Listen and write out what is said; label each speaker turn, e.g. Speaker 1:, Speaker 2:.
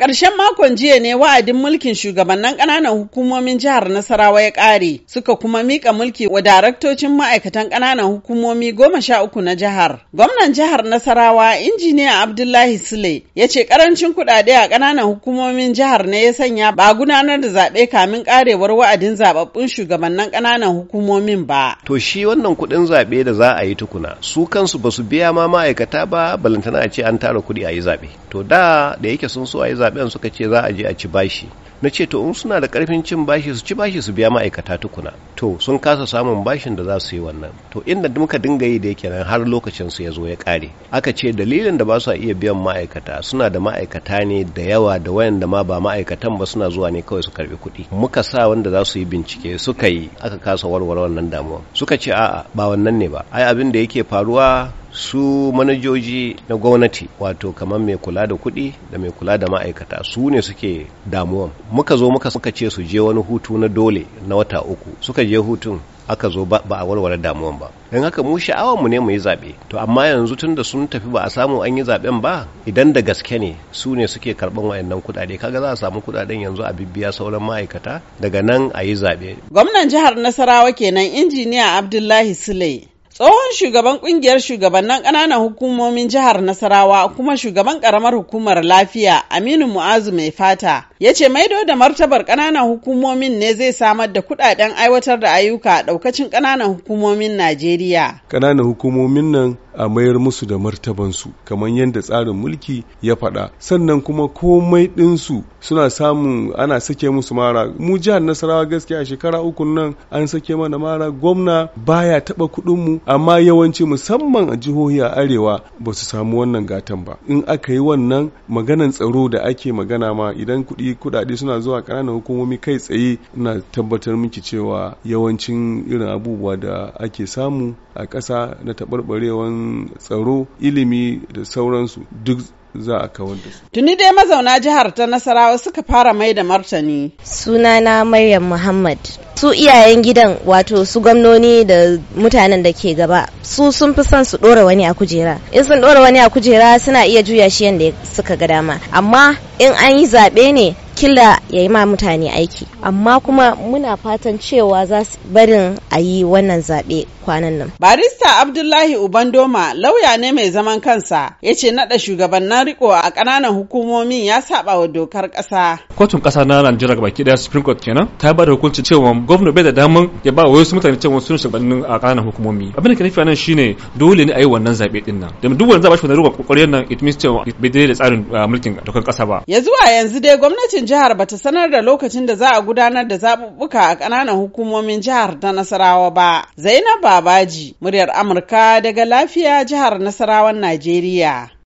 Speaker 1: Karshen makon jiya ne wa'adin mulkin shugabannin ƙananan hukumomin jihar Nasarawa ya ƙare suka kuma mika mulki wa daraktocin ma'aikatan ƙananan hukumomi goma sha uku na jihar. Gwamnan jihar Nasarawa injiniya Abdullahi Sule ya ce ƙarancin kuɗaɗe a ƙananan hukumomin jihar ne ya sanya ba gudanar da zaɓe kamin ƙarewar wa'adin zaɓaɓɓun shugabannin ƙananan hukumomin ba.
Speaker 2: To shi wannan kuɗin zaɓe da za a yi tukuna su kansu ba su biya ma ma'aikata ba balantana a ce an tara kuɗi a yi zaɓe. To da da yake sun so a yi zaɓe zaben suka ce za a je a ci bashi na ce to in suna da karfin cin bashi su ci bashi su biya ma'aikata tukuna to sun kasa samun bashin da za su yi wannan to inda muka dinga yi da yake nan har lokacin su ya zo ya kare aka ce dalilin da ba su iya biyan ma'aikata suna da ma'aikata ne da yawa da wayanda ma ba ma'aikatan ba suna zuwa ne kawai su karbi kuɗi muka sa wanda za su yi bincike suka yi aka kasa warware wannan damuwa suka ce a'a ba wannan ne ba ai abin da yake faruwa su manajoji na gwamnati wato kamar mai kula da kuɗi da mai kula da ma'aikata su ne suke damuwa. muka zo muka suka ce su je wani hutu na dole na wata uku suka je hutun aka zo ba a warware damuwan ba don haka mu sha'awar mu ne mu yi zaɓe to amma yanzu tun da sun tafi ba a samu an yi zaɓen ba idan da gaske ne su ne suke karɓan wayannan kuɗaɗe kaga za a samu kuɗaɗen yanzu a bibbiya sauran ma'aikata daga nan a yi zaɓe
Speaker 1: gwamnan jihar nasarawa kenan injiniya abdullahi sule Tsohon shugaban kungiyar shugabannin ƙananan hukumomin jihar Nasarawa kuma shugaban ƙaramar hukumar lafiya Aminu Mu'azu mai fata ya ce maido da martabar ƙananan hukumomin ne zai samar da kuɗaɗen aiwatar da ayyuka ɗaukacin ƙananan hukumomin Najeriya.
Speaker 3: Ƙananan hukumomin nan a mayar musu da martabansu kamar yadda tsarin mulki ya faɗa sannan kuma komai ɗinsu suna samun ana sake musu mara mu jihar nasarawa gaskiya a shekara uku nan an sake mana mara gwamna baya taɓa kuɗinmu amma yawanci musamman a jihohi a arewa ba su samu wannan gatan ba in aka yi wannan maganan tsaro da ake magana ma idan kuɗi kuɗaɗe suna zuwa ƙananan hukumomi kai tsaye ina tabbatar miki cewa yawancin irin abubuwa da ake samu a ƙasa na taɓarɓarewan tsaro ilimi da sauransu duk za a kawar da su.
Speaker 1: Tuni dai mazauna jihar ta Nasarawa suka fara mai da martani. Sunana Maryam Muhammad. Su iyayen gidan wato su gwamnoni da mutanen da ke gaba su sun fi son su ɗora wani a kujera. In sun ɗora wani a kujera suna iya juya shi yadda suka ga dama. Amma in an yi zaɓe ne kila ya yi ma mutane aiki amma kuma muna fatan cewa za su barin a yi wannan zaɓe kwanan nan. barista abdullahi ubandoma lauya ne mai zaman kansa ya ce naɗa shugabannin riko a ƙananan hukumomin ya saba wa dokar ƙasa.
Speaker 2: kotun ƙasa na najeriya gaba ki daya supreme court kenan ta ba da hukunci cewa gwamna bai da daman ya ba wasu mutane cewa sun shugabannin a ƙananan hukumomi abin da ke nufi nan shine dole ne a yi wannan zaɓe ɗin nan da duk wanda za a shi wannan riko ƙoƙarin nan it means cewa bai da tsarin ah, mulkin dokar ƙasa
Speaker 1: ba. ya zuwa yanzu dai gwamnatin jihar bata sanar da lokacin da za a gudanar da zaɓuɓɓuka a ƙananan hukumomin jihar ta Nasarawa ba. Zainab Babaji, muryar Amurka daga lafiya jihar Nasarawan Najeriya.